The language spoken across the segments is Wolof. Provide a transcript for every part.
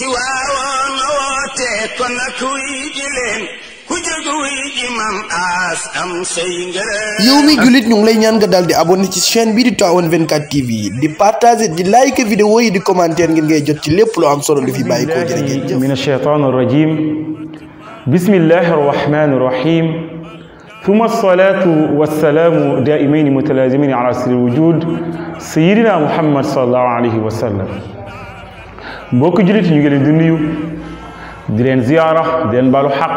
ci waawoon ma woote kon nag wuy ji leen ku jóg wuy ji maam aas am say ngërëm yow mi jullit ñu ngi lay ñaan nga daal di abonné ci chaîne bii di Tivaouane 24 TV di partager di like vidéo yi di commentaire ngir ngay jot ci lépp lu am solo lu fi bàyyi koo jërë ngeen jëf min ash-shaytaan ar-rajiim bismillahi ar-rahmaani ar-rahiim ثم الصلاة والسلام دائمين متلازمين على سر الوجود سيدنا محمد صلى الله عليه وسلم mbokki jullit ñu ngi leen di nuyu di leen ziyaara di leen baalu xaq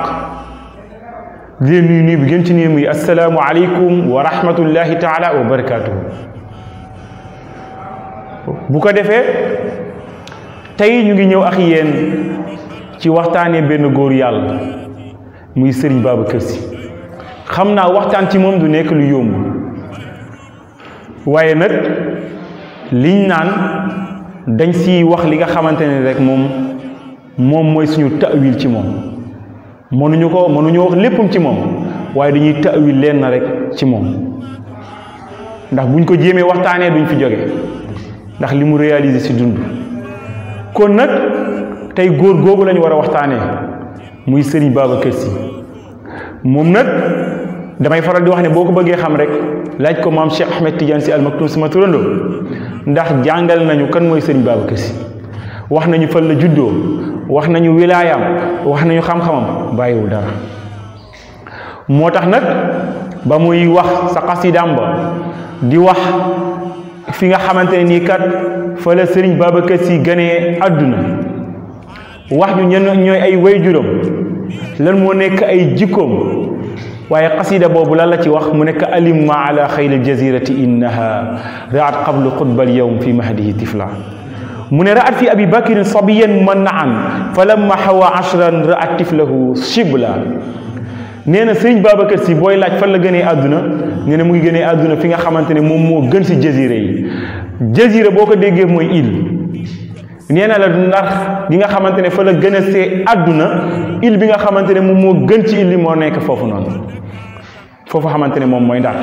di leen nuyu nuyu bi gën ci nuyu muy asalaamu aleykum wa rahmatullahi wa barakaatuhu bu ko defee tey ñu ngi ñëw ak yéen ci waxtaanee benn góor yàlla muy sëriñ Babacar Sy xam naa waxtaan ci moom du nekk lu yomb waaye nag liñ naan dañ siy wax li nga xamante ne rek moom moom mooy suñu ta'wil ci moom mënuñu ko mënuñu wax léppam ci moom waaye dañuy ta'wil leen na rek ci moom ndax buñ ko jéemee waxtaanee duñ fi jóge ndax li mu réaliser si dund kon nag tey góor googu lañu war a waxtaanee muy Serigne Babacar Sy moom nag damay faral di wax ne boo ko bëggee xam rek laaj ko mam Cheikh Ahmed Tidiane si maktoum sama turando ndax jangal nañu kan moy serigne Babacar si wax nañu fan la juddoo wax nañu wilaayam wax nañu xam-xamam bayiwul dara motax nak ba muy wax sa xasidaam ba di wax fi nga xamante ni kat fa la serigne Babacar si ganee aduna wax ñu ñoy ay way lan mo nek ay jikkoom waaye xasida boobu lan la ci wax mu nekk alim ma ala xayril jazirati innaha raat qablu xutbal yowm fi mahdihi tifla mu ne raat fi abi bakirin sabiyan man naan fa lamma xawa ashran raat tiflahu shibla nee na sëriñ Babacar si booy laaj fan la gënee àdduna nee na mu ngi gënee àdduna fi nga xamante ne moom moo gën si jazira yi jazira boo ko déggee mooy île nee na la ndar gi nga xamante ne fa la gën a see àdduna île bi nga xamante ne moom moo gën ci île moo nekk foofu noonu fofu xamanteni mom moom ndak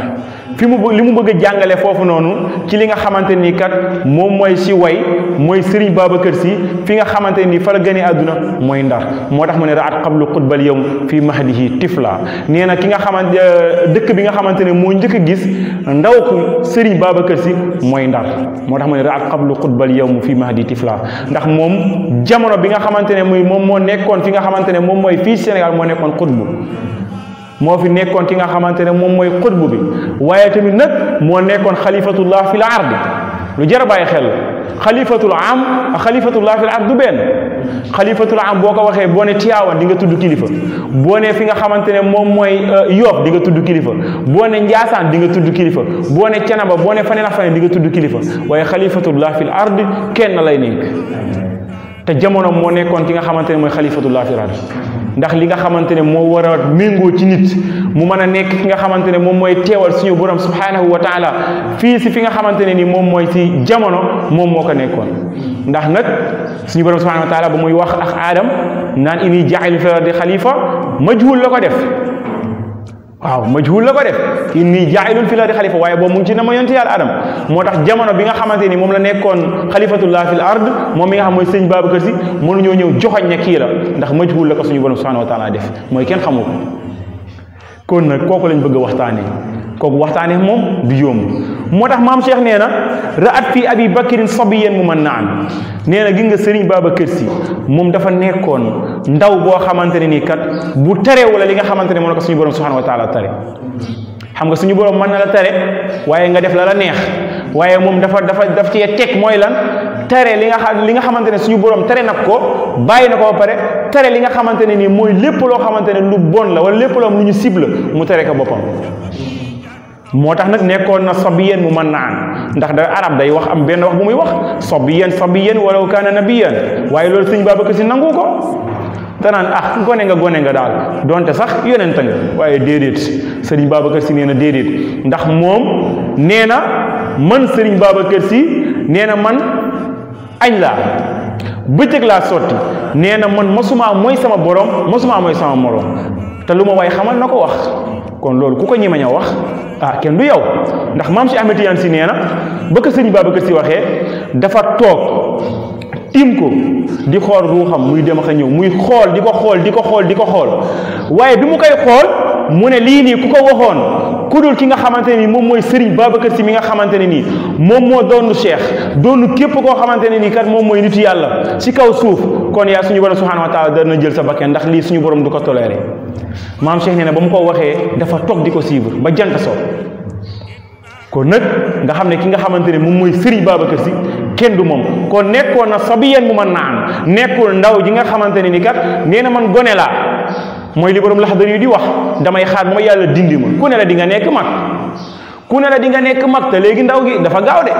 fi mu limu bëgg jàngalé fofu nonu ci li nga xamanteni ni kat moom moy ci way moy serigne Babacar si fi nga xamanteni ni fa la gënee aduna moy ndar motax mu raat qablu qutbal yawm fii mahdihi tifla nee ki nga xamanteni euh, dëkk bi nga xamanteni mo ñëk gis ndaw ko serigne Babacar si moy ndar motax mu raat qablu qutbal yawm fii mahdi tifla ndax moom jamono bi nga xamanteni moy mom moom moo fi nga xamanteni mom moom fi fii Sénégal mo nekkoon mo fi nekkon ki nga xamantene mom moy mooy bi waye tamit nak mo nekkon khalifatullah fil ard lu jara baye xel khalifatul am ak xalifatullah fi ard ben khalifatul am boko waxe bone tiawa di nga tuddu kilifa bone fi nga xamantene mom moy yof di nga tuddu kilifa bone ne di nga tuddu kilifa bone ne bone boo ne faneen di nga tuddu kilifa waye xalifatullah fi l ard ken lay nek te jamono mo nékkon ki nga xamanténi moy khalifatullah xalifatullah fi ardi ndax li nga xamanténi mo wara mengo ci nit mu mëna a nekk ki nga xamanténi mom moy téwal suñu borom subhanahu wa taala fi ci fi nga xamanténi ni mom moy ci jamono mom moko nékkon ndax nak suñu borom subhanahu wa taala bu muy wax ak adam nan inni ja'al fi ardi khalifa majhul lako def waaw majhul la ko def inni ja'ilun fil ardi khalifa waye bo mu ci nama ma yonti yàlla adam motax jamono bi nga xamanteni mom moom la nekkoon xalifatullah fil ard mom mi nga xam mooy sëñ Babacar Si ñu ñëw joxagn ne ki la ndax majhul la ko suñu borom subhanahu wa taala def moy ken xamu kon nak koku lañ bëgg a koku kooku mom du yomb motax mam Cheikh neena ra'at fi abi bakr sabiyan mu neena gi nga serigne baba kersi mom dafa nekkoon ndaw bo xamanteni ni kat bu tere wala li nga xamanteni ne ko suñu borom subhanahu wa taala tere xam nga suñu borom man na la tere waye nga def la la neex waye mom dafa dafa daf ci tek moy lan tere li nga xam li nga xamanteni suñu borom tere nag ko bàyyi nako ba pare tere li nga xamanteni ni moy lépp lo xamanteni lu bon la wala lépp lo am lu ñu cible mu tere ka bopam moo tax nag nekkoon na sabiyan mu mën naan ndax da arab day wax am benn wax bu muy wax sabiyan sabiyan walaw kaana nabiyan waaye loolu sëñ Babacar Si nangu ah gone nga gone nga daal donte sax yonent nga waaye déedéet sëriñ Babacar Si nee na déedéet ndax moom nee na man sëriñ Babacar Si nee na man añ laa bëccëg laa sotti nee na man masumaa mooy sama borom masumaa mooy sama morom te lu ma waaye xamal na ko wax kon lool ku ko ñemeñ a wax ah ken du yow ndax mam ci Ahmed Tidiane si nee na ba ko sëñ Babacar si waxee dafa tok tim ko di xool ruuxam muy dem xa ñëw muy xol diko xol diko xol diko xol waye bimu kay xol mu ne li ni ku ko waxon ku dul ki nga xamanteni mom moy Serigne babakar Sy mi nga xamanteni ni mom mo moo Cheikh doonu kep ko xamanteni ni kat mom moy nitu yàlla ci kaw suuf kon yaa suñu borom subhanahu wa taala dana jël sa bakkan ndax lii suñu borom du ko toléré maam Cheikh nee na ba mu ko waxee dafa toog di ko suivre ba jant so kon nag nga xam ne ki nga xamante ne moom mooy Serigne Babacar Sy kenn du moom kon nekkoon na sabiyan mu mën am nekkul ndaw ji nga xamante ne ni kat nee na man gone laa mooy li borom laxdar yu di wax damay xaar mooy yàlla dindi ma ku ne la di nekk mag ku ne la di nga nekk mag te léegi ndaw gi dafa gaaw de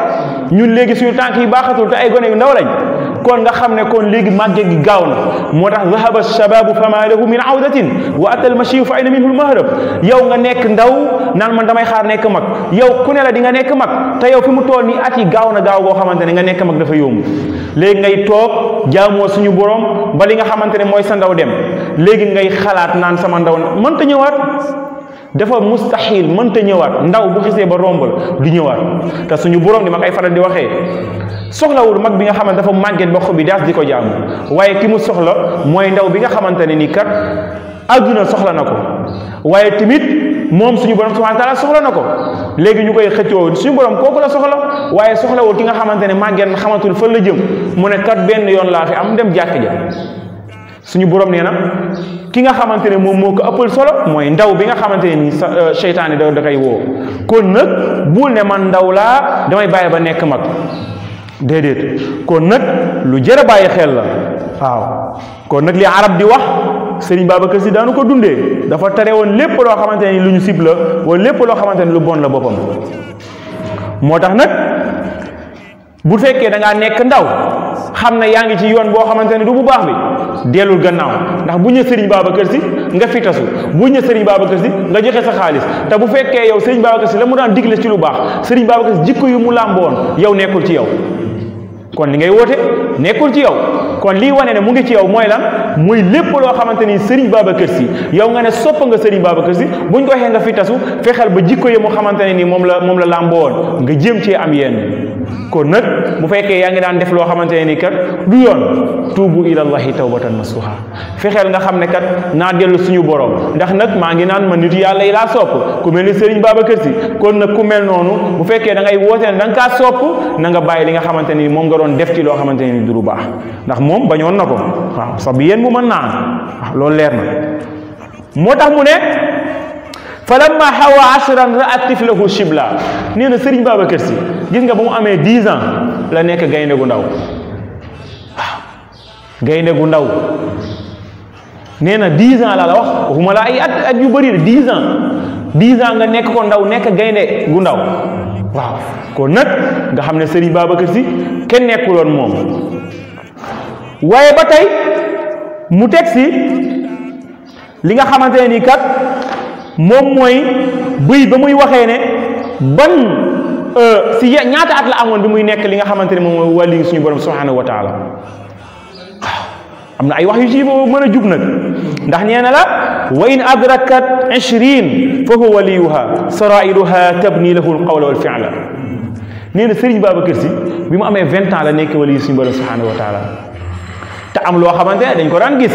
ñun léegi suñu tànk yi baaxatul te ay yu ndaw lañ kon nga xam ne kon léegi màgge gi gaaw na moo tax zahaba shababu fama lahu min awdatin wa atal mashiyu fa ayna minhu lmahrab yow nga nekk ndaw naan man damay xaar nekk mag yow ku ne la di nga nekk mag te yow fi mu toll nii at yi gaaw na gaaw boo xamante ne nga nekk mag dafa yomb léegi ngay toog jaamoo suñu borom ba li nga xamante ne mooy sa ndaw dem léegi ngay xalaat naan sama ndaw mënta ñëwaat dafa mustaxil mënta ñëwaat ndaw bu xisee ba rombal du ñëwaat te suñu borom di ma ay faral di waxee soxlawul mag bi nga xamante dafa màgget ba xob bi daas di ko jaamu waaye ki mu soxla mooy ndaw bi nga xamante ne ni kat àdduna soxla na ko waaye tamit moom suñu borom subhana taala soxla na ko léegi ñu koy xëccoo suñu borom kooku la soxla waaye soxlawul ki nga xamante ne màgget na xamatul fan la jëm mu ne kat benn yoon laa fi am dem jàkk ja suñu borom nee na ki nga xamante ne moom moo ko ëppal solo mooy ndaw bi nga xamante ne nii sa euh, seytaane da da koy woo kon nag bul ne man ndaw laa damay bàyyi ba nekk mag déedéet kon nag lu jër bàyyi xel la waaw kon nag li arab di wax Sëriñ Babacar Si daanu ko dundee dafa tere woon lépp loo xamante ne lu ñu sib la wala lépp loo xamante ne lu bon la boppam moo tax nag bu fekkee dangaa nekk ndaw. xam na yaa ngi ci yoon boo xamante ne du bu baax bi dellul gannaaw ndax bu ñu sëriñ Babacar Si nga fitasu bu ñu sëriñ Babacar Si nga joxe sa xaalis te bu fekkee yow sëriñ Babacar Si la mu daan digle ci lu baax sëriñ Babacar Si jikko yu mu làmboon yow nekkul ci yow kon li ngay woote nekkul ci yow kon lii wane ne mu ngi ci yow mooy lan muy lépp loo xamante ni sëriñ Babacar Si yow nga ne sopp nga sëriñ Babacar Si buñ ko waxee nga tasu fexeel ba jikko yi mu xamante ne ni moom la moom la làmboon nga jéem cee am yenn kon nag bu fekkee yaa ngi daan def loo xamante ne ni kat du yoon tuubu ilallahi tawbatan nasuha fexeel nga xam ne kat naa dellu suñu borom ndax nag maa ngi naan ma nit yàlla yi laa sopp ku mel ni Serigne Babacar Sy kon nag ku mel noonu bu fekkee da ngay woote ne kaa sopp na nga bàyyi li nga xamante ni moom nga doon def ci loo xamante ne ni du lu baax ndax moom bañoon na ko waaw sax bi yéen bu mën naa waaw loolu leer na moo tax mu ne. falamma hawa ashran ra'at tiflahu shibla nee na Serigne Babacar Sy gis nga ba mu amee dix ans la nekk gaynde gu ndaw waaw gaynde gu ndaw nee na dix ans laa la wax waxuma la ay at yu bëri la dix ans dix ans nga nekk ko ndaw nekk gaynde gu ndaw waaw kon nag nga xam ne Serigne Babacar Sy kenn nekkuloon moom waaye ba tey mu teg si li nga xamante ne nii kat moom mooy buy ba muy waxee ne ban euh, si ñaata at la amoon bi muy nekk li nga xamante ne moom mooy wàlli suñu borom subhanahu wa taala am na ay wax yu ci mën a jub nag ndax nee na la wa in adrakat ishrin fa huwa waliyuha sarairuha tabni lahu alqawla wal fi'la nee na Serigne Babacar Sy bi mu amee vingt ans la nekk waliyu suñu borom subhanahu wa taala te am loo xamante ne dañ ko daan gis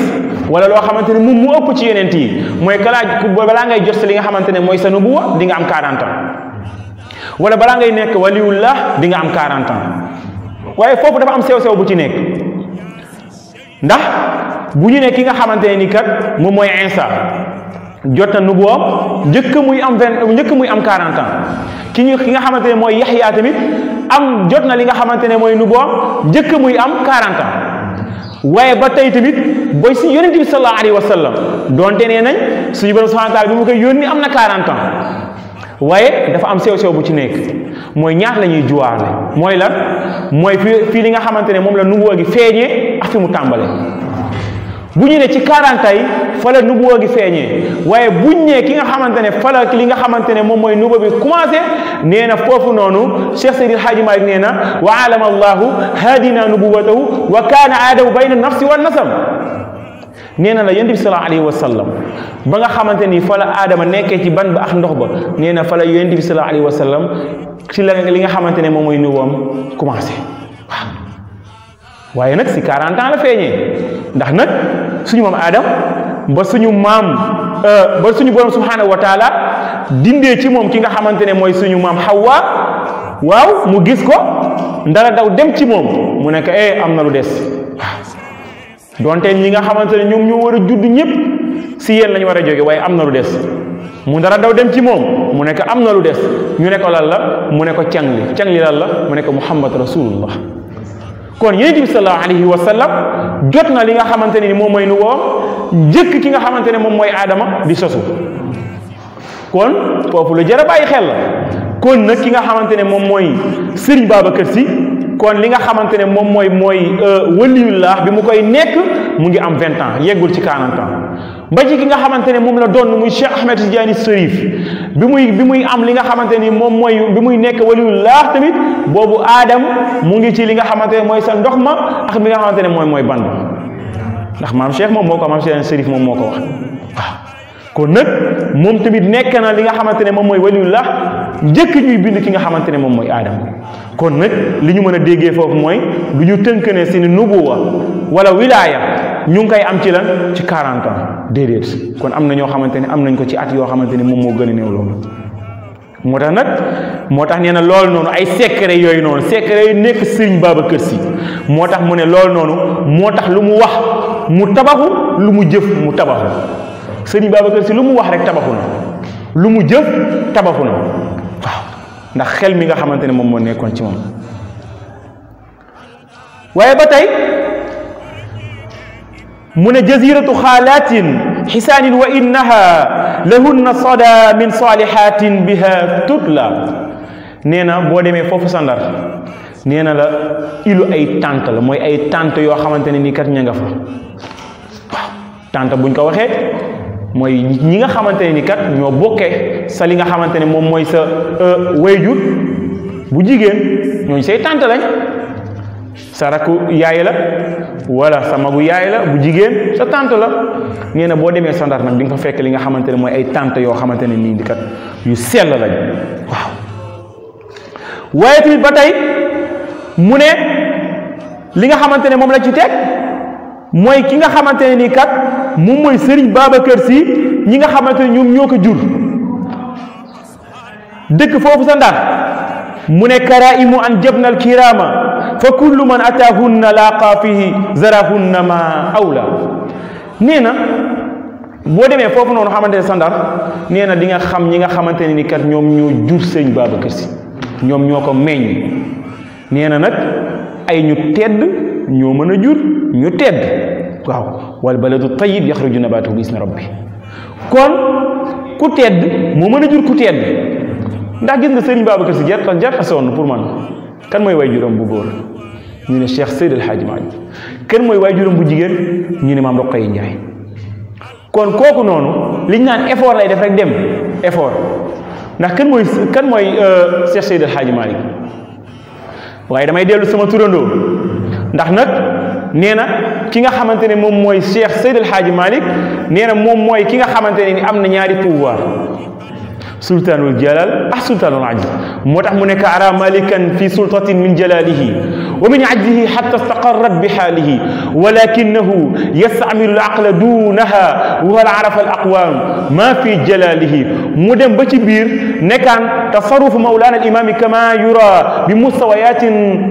wala loo xamante ne moom mu ëpp ci yeneen yi mooy kalaa balaa ngay jot sa li nga xamante ne mooy sa nubuwa di nga am 40 wala balaa ngay nekk waliwullah di nga am 40 ans waaye foofu dafa am sew-sew bu ci nekk ndax bu ñu ne ki nga xamante ne ni kat moom mooy insa jot na nubuwa njëkk muy am 20 njëkk muy am 40 ans ki nga xamante ne mooy yaxyaa tamit am jot na li nga xamante ne mooy nubuwa njëkk muy am 40 waaye ba tey tamit booy si yonent bi sallallahu alayhi wa sallam donte nee nañ suñu borom subhanahu bi mu koy yónni am na 40 waaye dafa am sew sew bu ci nekk mooy ñaat la ñuy juwaale mooy lan mooy fii fii li nga xamante ne moom la nubuwa gi feeñee ak mu tàmbale bu ñu ne ci 40 yi fa la nubuwa feeñee waaye buñ ne ki nga xamante ne fa li nga xamante ne moom mooy nubuwa bi commencé nee na foofu noonu Cheikh Seydil Hadji Malick nee na wa alama allahu hadina nubuwatahu wa kaana aadabu bayna nafsi wa nasam nee na la yonent bi sallallahu alayhi wa sallam ba nga xamante ni fa la aadama nekkee ci ban ba ak ndox ba nee na fa la yonent bi sallallahu alayhi wa sallam ci la li nga xamante ne moom mooy nuwoom commencé waaw waaye nag si la feeñee ndax nag suñu maam aadam ba suñu maam euh, ba suñu borom subhanahu wa dindee ci moom ki nga xamante ne mooy suñu maam Hawa waaw mu gis ko ndara daw dem ci moom mu nekk eh am na lu des donte yi nga xamante ne ñoom ñoo war a judd ñëpp si yéen lañu war a jóge waaye am na lu des mu dara daw dem ci moom mu nekk am na lu des ñu ne ko lan la mu ne ko cang li cang li la mu ne ko muhammad rasulullah kon yonent bi sallallahu alayhi wa sallam jot na li nga xamante ne ni moom mooy nu woo njëkk ki nga xamante ne moom mooy aadama di sosu kon foofu lu jar a xel la kon nag ki nga xamante ne moom mooy sëriñ kër Si kon li nga xamante ne moom mooy mooy euh, waliyullah bi mu koy nekk mu ngi am vingt ans yeggul ci quarante ba ci nga xamante ne moom la doon muy Cheikh Ahmed Tidiane Serif bi muy bi muy am li nga xamante ni moom mooy bi muy nekk laax tamit boobu aadam mu ngi ci li nga xamante ne mooy sa ndox ma ak mi nga xamante ne mooy mooy ban ndax maam Cheikh moom moo ko maam Cheikh Serif moom moo ko wax kon nag moom tamit nekk naa li nga xamante ne moom mooy la njëkk ñuy bind ki nga xamante ne moom mooy aadama kon nag li ñu mën a déggee foofu mooy du ñu tënk ne seeni nubuwa wala wilaaya ñu ngi koy am ci lan ci 40 ans déedéet kon am na ñoo xamante ne am nañ ko ci at yoo xamante ne moom moo gën a néew loolu moo tax nag moo tax nee na lool noonu ay secret yooyu noonu secret yu nekk Serigne Babacar Sy moo tax mu ne loolu noonu moo tax lu mu wax mu tabaxu lu mu jëf mu tabaxu sëriñ Babacar si lu mu wax rek tabaxu lu mu jëf tabaxu waaw ndax xel mi nga xamante ne moom moo nekkoon ci moom waaye ba tey mu ne jaziratu xaalatin xisaanin wa innaha lahunna sada min salihatin biha tutla nee na boo demee foofu sa Ndar nee na la ilu ay tànt la mooy ay tànt yoo xamante ne nii kat ña nga fa waaw tànt buñ ko waxee mooy ñi nga xamante ni kat ñoo bokkee sa li nga xamante ne moom mooy sa euh, wayjur bu jigéen ñooñu say tànt lañ sa rakku yaay la wala sa magu yaay la bu jigéen sa tànt la nee na boo demee sa Ndar nag di nga fa fekk li nga xamante ne mooy ay tànt yoo xamante ne nii di kat yu sell lañ waaw waaye tamit ba tey mu ne li nga xamante ne moom la ci teg mooy ki nga xamante ne kat moom mooy sëriñ Babacar si ñi nga xamante ne ñoom ñoo ko jur dëkk foofu sa ndar mu ne karaimu an jabnal kirama fa kullu man atahunna laaqa fihi zarahunna ma awla nee na boo demee foofu noonu xamante ne sa ndar nee na di nga xam ñi nga xamante ne ni kat ñoom ñoo jur sëriñ Babacar si ñoom ñoo ko meñ nee na nag ay ñu tedd ñoo mën a jur ñu tedd waaw wal baladu tayyib yaxruju nabaatuhu bi ismi rabbi kon ku tedd moo mën a jur ku tedd ndax gis nga sëriñ Babacar si jar jar soon pour man kan mooy waay juróom bu ñu ne Cheikh Seydil Hadji Malick kan mooy waay juróom bu jigéen ñu ne maam Roqaye Ndiaye kon kooku noonu liñ naan effort lay def rek dem effort ndax kan mooy kan mooy euh, Cheikh Seydil Hadji Malick waaye damay dellu sama turandoo ndax nag nee na nag ki nga xamante ne moom mooy Cheikh Seydil Hadji Malick nee na moom mooy ki nga xamante ne ni am na ñaari pouvoir سلطان الجلال السلطان العجل موتاخ مو نيك ارا مالكا في سلطه من جلاله ومن عجزه حتى استقرت بحاله ولكنه يستعمل العقل دونها وهل عرف الاقوام ما في جلاله مودم با تي بير نيكان تصرف مولانا الامام كما يرى بمستويات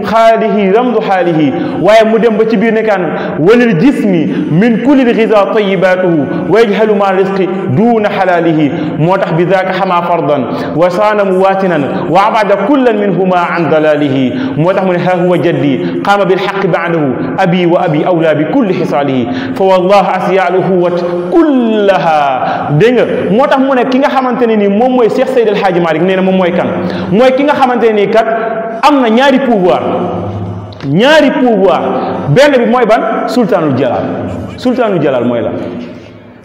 خاله رمض حاله واي مودم با تي بير نيكان وللجسم من كل الغذاء طيباته ويجهل ما رزق دون حلاله موتاخ بذاك حما فرضا وصان مواتنا وأبعد كل منهما عن ضلاله موتح من ها هو جدي قام بالحق بعده أبي وأبي أولى بكل حصاله فوالله أسياء الأخوة كلها دنج موتح من كيغا خامتاني ني موم موي شيخ سيد الحاج مالك نينا موم موي كان موي كيغا خامتاني كات امنا نياري بوفوار نياري بوفوار بن بي موي بان سلطان الجلال سلطان الجلال موي لا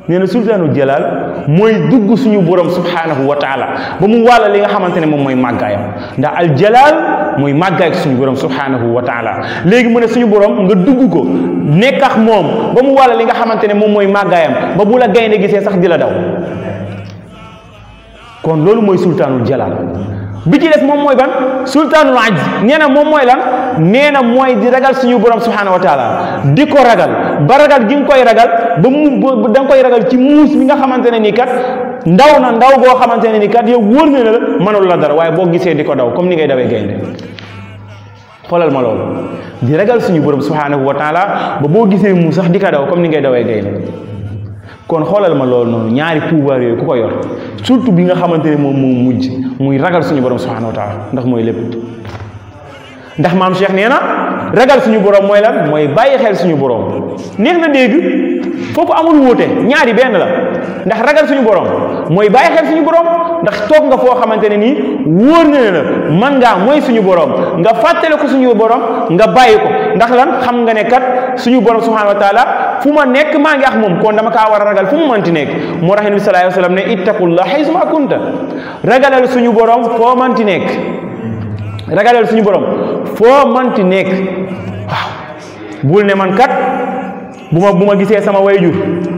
nee na sultaanul jalaal mooy dugg suñu borom subhaanahu wa taala ba mu wàlla li nga xamante ne moom mooy màggaayam ndax al jalaal mooy màggaay suñu borom subhaanahu wa taala léegi mu ne suñu borom nga dugg ko nekkax moom ba mu wàlla li nga xamante ne moom mooy màggaayam ba bu la gaynde gisee sax di la daw kon loolu mooy sultaanul jalaal bi ci des moom mooy ban sultaanul ajz nee na moom mooy lan nee na mooy di ragal suñu borom subhaanahu wa taala di ko ragal ba ragal gi nga koy ragal ba mu da nga koy ragal ci muus bi nga xamante ne ni kat ndaw na ndaw goo xamante ne ni kat yow wóor na la mënul la dara waaye boo gisee di ko daw comme ni ngay dawee gaynde xoolal ma loolu di ragal suñu borom subhaanahu wa taala ba boo gisee muus sax di ko daw comme ni ngay dawee gaynde kon xoolal ma loolu noonu ñaari pouvoir yooyu ku ko yor surtout bi nga xamante ne moom moo mujj muy ragal suñu borom subhanahu wa taala ndax mooy lépp ndax maam Cheikh nee na ragal suñu borom mooy lan mooy bàyyi xel suñu borom neex na dégg foofu amul wuute ñaari benn la ndax ragal suñu borom mooy bàyyi suñu borom ndax toog nga foo xamante ne nii wóor na ne la man ngaa mooy suñu borom nga fàttale ko suñu borom nga bàyyi ko ndax lan xam nga ne kat suñu borom subhanahu wa fu ma nekk maa ngi ak moom kon dama kaa war a ragal fu ma manti nekk moo tax nabi sallallahu alayhi wa sallam ne ittaqullah haysu ma kunta ragalal suñu borom foo manti nekk ragalal suñu borom foo manti nekk waaw ne man bu ma bu ma gisee sama wayjur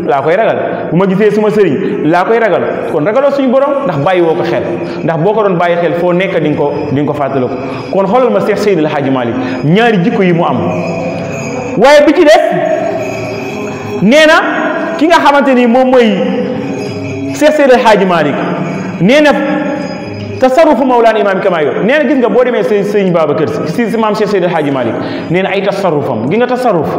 laa koy ragal bu ma gisee suma sëriñ laa koy ragal kon ragaloo suñu borom ndax bàyyi woo ko xel ndax boo ko doon bàyyi xel foo nekk di nga ko di ko fàttaliku ko kon xoolal ma Seex Seydil Haaji Maalik ñaari jikko yi mu am waaye bi ci des nee na ki nga xamante ni moom mooy Seex Seydil Haaji Malick nee na tasarufu mawlaana imaam kama yor nee na gis nga boo demee sëñ sëñ Babacar si si maam Seex Seydil Haaji Malick nee na ay tasarufam gi nga tasaruf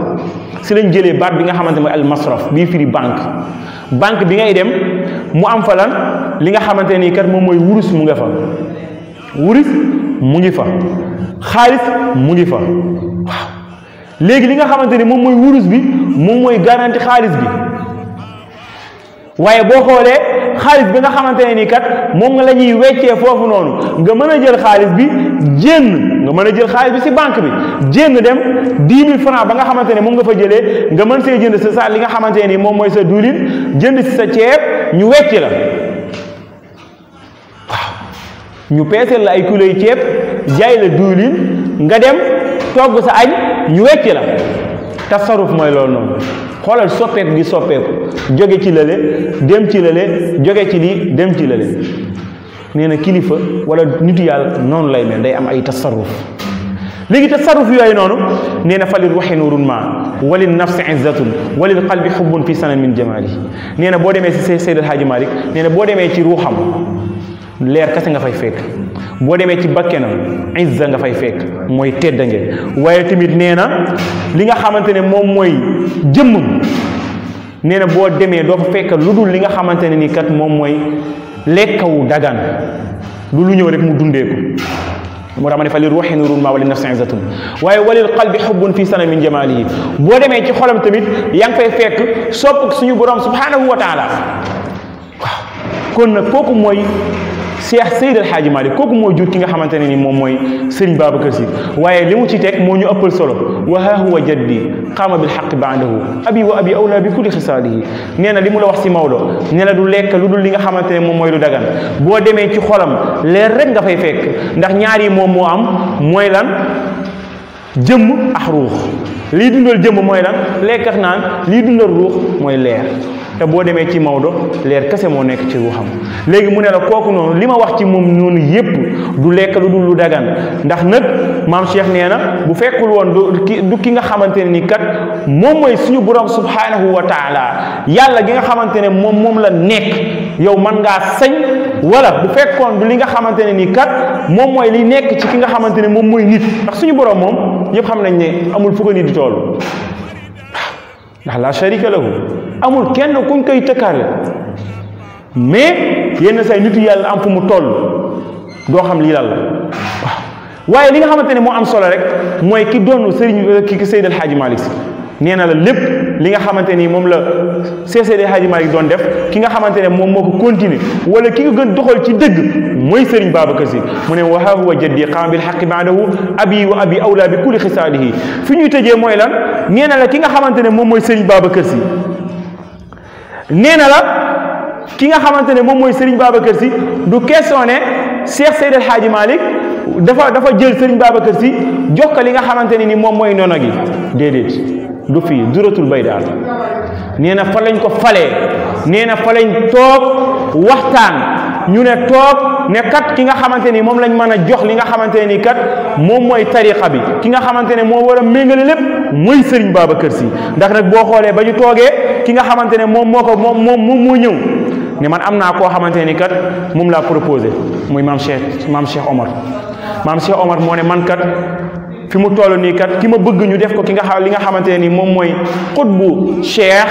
si lañ jëlee baat bi nga xamante mooy al masraf bii firi banque banque bi ngay dem mu am fa lan li nga xamante nii kat moom mooy wurus mu nga fa wurus mu ngi fa xaalis mu ngi fa waaw léegi li nga xamante ni moom mooy wurus bi moom mooy garanti xaalis bi waaye boo xoolee xaalis bi nga xamante ne ni kat moom nga la ñuy weccee foofu noonu nga mën a jël xaalis bi jénn nga mën a jël xaalis bi si banque bi jénn dem 10 000 francs ba nga xamante ne moom nga fa jëlee nga mën see jënd sa saa li nga xamante ne ni moom mooy sa diwlin jënd si sa ceeb ñu wecc la waaw ñu peeseel la ay kiloy ceeb jaay la diwlin nga dem togg sa añ يوكي لا تصرف ماي لونو خالد سوبيك دي سوبيك جوجي تي للي ديم تي للي جوجي تي دي ديم تي للي نينا كليفا ولا نيت يال نون لاي مين داي ام اي تصرف ليغي تصرف يوي نونو نينا فال روح نور ما وللنفس عزه وللقلب حب في سنه من جماله نينا بو ديمي سيد الحاج مالك نينا بو ديمي تي روحام leer kasse nga fay fek bo demé ci bakéna izza nga fay fek moy tedda waaye waye timit néna li nga xamantene mom moy jëm néna bo démé do fa fek luddul li nga xamantene ni kat mom moy lekkawu dagan lu lu ñëw rek mu dundé ko mo tax ma ne fa li ruuxi nurun ma wali nafsi izatun waye walil qalbi hubun fi sanamin jamalihi bo démé ci xolam tamit yang fay fek sopp suñu borom subhanahu wa taala kon nag kooku mooy Cheikh Seydi El Hadji Malick kooku moo jur ki nga xamante ne ni moom mooy Serigne Babacar Sy waaye li mu ci teg moo ñu ëppal solo wa haa huwa jaddi qaama bil xaqi baadahu abi wa abi awla bi kulli xisaalihi nee na li mu la wax si Maodo nee na du lekk lu dul li nga xamante ne moom mooy lu dagan boo demee ci xolam leer rek nga fay fekk ndax ñaar yi moom moo am mooy lan jëmm ak ruux lii dundal jëmm mooy lan lekk ak naan lii dundal ruux mooy leer te boo demee ci Maodo leer kese moo nekk ci ruuxam léegi mu ne la kooku noonu li ma wax ci moom noonu yépp du lekk lu dul ndax nag maam Cheikh nee na bu fekkul woon du ki nga xamante ne ni kat moom mooy suñu borom subhanahu wa yàlla gi nga xamante ne moom moom la nekk yow man ngaa sañ wala bu fekkoon li nga xamante ne ni kat moom mooy li nekk ci ki nga xamante ne moom mooy nit ndax suñu borom moom yëpp xam nañ ne amul fu ko nit di toll ndax la sharika lahu amul kenn kuñ koy tëkkaale mais yenn say nitu yàlla am fu mu toll doo xam lii lan la waaye li nga xamante ne moo am solo rek mooy ki doon sëriñ ki ki sëydal Hadji malik Sy nee na la lépp li nga xamante ni moom la Seydi Hadji Malick doon def ki nga xamante ne moom moo ko continuer wala ki nga gën doxal ci dëgg mooy sëriñ Babacar Sy mu ne wa haa huwa jaddi qaama bil haqqi ba'dahu abi wa abi awla bi kulli xisaalihi fi ñuy tëjee mooy lan nee na la ki nga xamante ne moom mooy sëriñ Babacar Sy nee na la ki nga xamante ne moom mooy Serigne Babacar Sy du question ne Cheikh Seydi El Hadji Malick dafa dafa jël sëriñ Babacar Sy jox ko li nga xamante ne ni moom mooy nono gi déedéet du fii duratul bay daal nee na fa lañ ko falee nee na fa lañ toog waxtaan ñu ne toog ne kat ki nga xamante ni moom lañ mën a jox li nga xamante ni kat moom mooy tariqa bi ki nga xamante ne moo war a méngale lépp mooy Serigne Babacar Sy ndax nag boo xoolee ba ñu toogee ki nga xamante ne moom moo ko moom moom moom moo ñëw man am naa koo xamante ni kat moom laa proposé muy maam Cheikh maam Cheikh Omar maam Omar moo ne man kat fi mu toll nii kat ki ma bëgg ñu def ko ki nga xam li nga xamante ne ni moom mooy xutbu Cheikh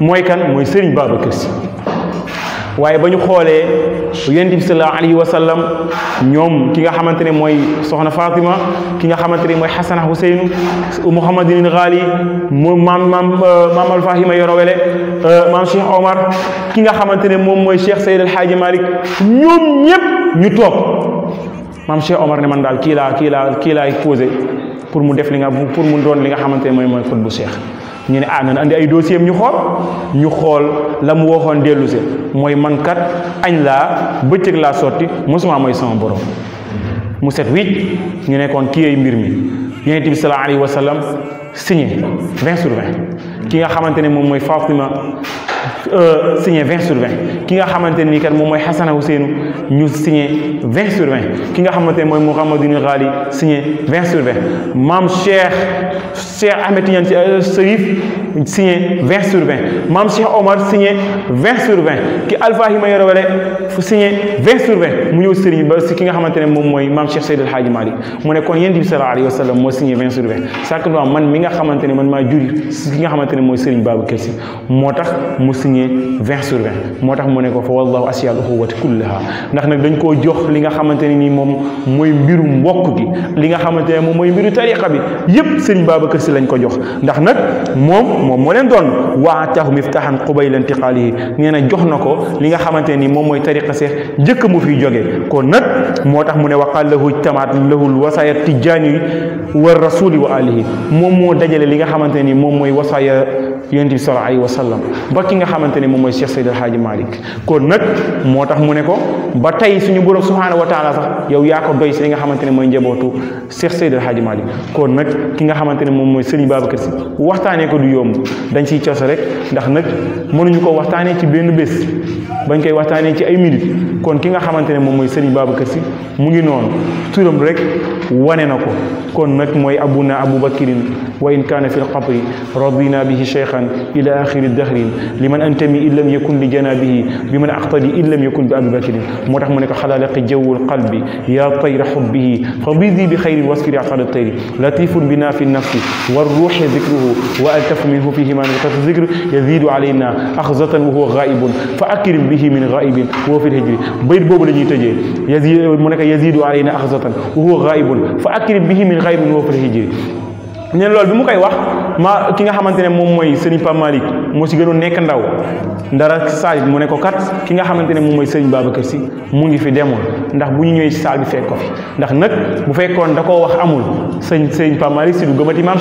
mooy kan mooy Serigne Babacar waye bañu xolé xoolee sallallahu alayhi wa sallam ñoom ki nga xamantene moy soxna Fatima ki nga xamantene moy mooy husayn Muhammadin Ghali mam mam maam maam Alfahima Yorowele mam Cheikh Omar ki nga xamantene mom moy cheikh sayyid al haji malik ñom ñep ñu toog mam Cheikh Omar ne man dal ki la ki la ki la posé pour mu def li nga pour mu don li nga xamantene moy moy mooy Cheikh. ñu ne ah na andi ay dossier ñu xool ñu xool la mu waxoon dellu si mooy mankat añ laa bëccëg laa sotti mosuma mooy sama borom mu set wicc ñu nekkoon kii ay mbir mi yonent bi sallallahu alayhi wa sallam signé sur 20 ki nga xamante ne moom mooy Fatima euh, signé 20 sur ki nga xamante ne nii kat moom mooy Hassan Ousseynou ñu signé 20 sur 20 ki nga xamante ne mooy Mouhamadou Ghali signé 20 sur 20 maam Cheikh Cheikh Ahmed Tidiane euh, Serif signé 20 sur 20 Mam Cheikh Omar signé 20 sur 20 ki Alpha Himayoro Wele fu signé 20 sur 20 mu ñëw sëriñ ba si ki nga xamante ne moom mooy Cheikh Seydil Hadji Malick mu ne kon yendi bi sallallahu alayhi wa sallam signé 20 sur 20 sàkk doon man mi nga xamante ne man maa juri si ki nga xamante ne mooy Babou Babacar Sy moo mu signé 20 sur 20 moo tax mu ne ko fa wallahu asiyal uxuwati kullaha ndax nag dañ koo jox li nga xamante ne ni moom mooy mbiru mbokk gi li nga xamante ne moom mooy mbiru tariqa bi yépp sëriñ Babacar Sy lañ ko jox ndax nag moom moom moo leen doon waataahu miftahan qubayla intiqaalihi nee na jox na ko li nga xamante ni moom mooy tariqa seex jëkk mu fi jóge kon nag moo tax mu ne waqal lahu ijtamaat lahul wasaaya tijaani wa rasuli wa alihi moom moo dajale li nga xamante ni moom mooy wasaaya yonti bi sallallahu alayhi wasallam ba ki nga xamante ne moy Cheikh sayyid Hadji Malik kon nag moo tax mu ne ko ba tey suñu borom subhanahu wa taala sax yow ya ko doy si li nga xamante ne mooy Cheikh sayyid Hadji Malik. kon nag ki nga xamante ne moy Serigne Babacar Sy waxtane ko du yom dañ ci ciosse rek ndax nag mënuñu ko waxtane ci benn bes bañ koy waxtane ci ay minute kon ki nga xamante ne moy Serigne Babacar si mu ngi non turam rek wane na ko kon nag moy abuna aboubacrine وإن كان في القبر رضينا به شيخا إلى آخر الدهر لمن أنتمي إن لم يكن لجنابه بمن أقتدي إن لم يكن بأبي بكر مرح منك خلالق جو القلب يا طير حبه فبذي بخير الوصف عقال الطير لطيف بنا في النفس والروح ذكره وألتف منه فيه ما الذكر يزيد علينا أخزة وهو غائب فأكرم به من غائب وهو في الهجر بيت بوب لجي تجي يزيد يزيد علينا أخزة وهو غائب فأكرم به من غائب وهو في الهجر ne loolu bi mu koy wax ma ki nga xamante ne moom mooy sëriñ Pape Malick moo si gënoon nekk ndaw ndara saaj mu ne ko kat ki nga xamante ne moom mooy sëriñ Babacar si mu ngi fi demoon ndax bu ñu ñëwee si saal ko ndax nag bu fekkoon da koo wax amul sëñ sëriñ Pape Malick si du gëmati maam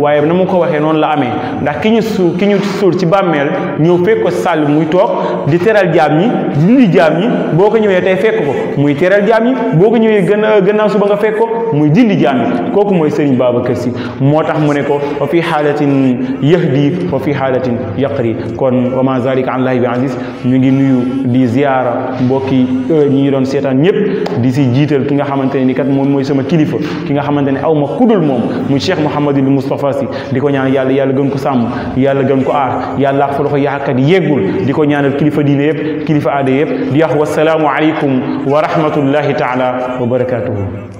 waaye na mu ko waxee noonu la amee ndax ki ñu ki ñu suur ci bàmmeel ñëw fekk ko muy toog di teral jaam ñi di dindi jaam ñi boo ko ñëwee tey fekk ko muy teral jaam ñi boo ko ñëwee gën a gannaaw suba nga fekk ko muy dindi jaam ñi kooku mooy sëriñ Babacar si moo tax mu ne ko wa fi xaalatin yahdi wa fi xaalatin yaqri kon wa ma zalika an lahi bi aziz ñu ngi nuyu di ziara mbokki ñi ñu doon seetaan ñëpp di si jiital ki nga xamante ne ni kat moom mooy sama kilifa ki nga xamante ne aw ma kudul moom muy cheikh mouhamadul moustapha si di ko ñaan yàlla yàlla gën ko sàmm yàlla gën ko aar yàlla ak fa loxo yaakat yeggul di ko ñaanal kilifa diine yëpp kilifa aada yëpp di wax wasalaamu aleykum wa rahmatullahi taala wa barakatuhu